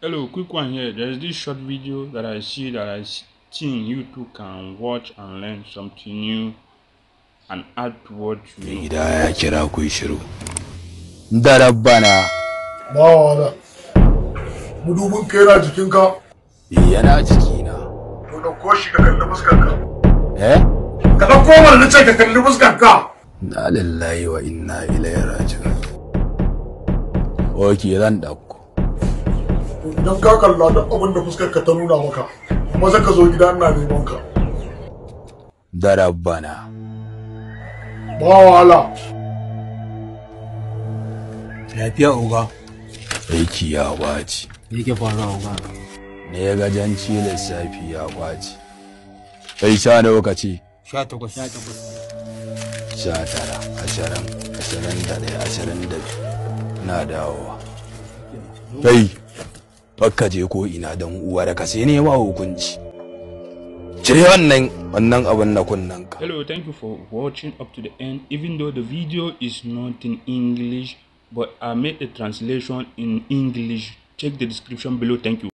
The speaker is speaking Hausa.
hello quick one here there's this short video that i see that i think you two can watch and learn something new and add what you gida ya kira shiru da rabbana ba wala kera jikinka eh, to da ko shi ka kalli fuskarka eh ka na ce ka kalli fuskarka na lillahi wa inna ilaihi raji'un oke zan dauko idan ka kalla duk abin da fuskar ka ta nuna maka kuma sai ka zo gida ina neman ka da rabbana ba wahala lafiya uba? aiki ya kwaci yake faruwa oga ne ya gajanci lissafi ya kwaci kai sha lokaci sha takwas sha takwas sha tara ashirin ashirin da ɗaya ashirin da biyu na dawowa kai fakka je ko ina dan uwa ka sai ne ma hukunci cire wannan wannan abin na kunnen ka hello thank you for watching up to the end even though the video is not in english but i made a translation in english check the description below thank you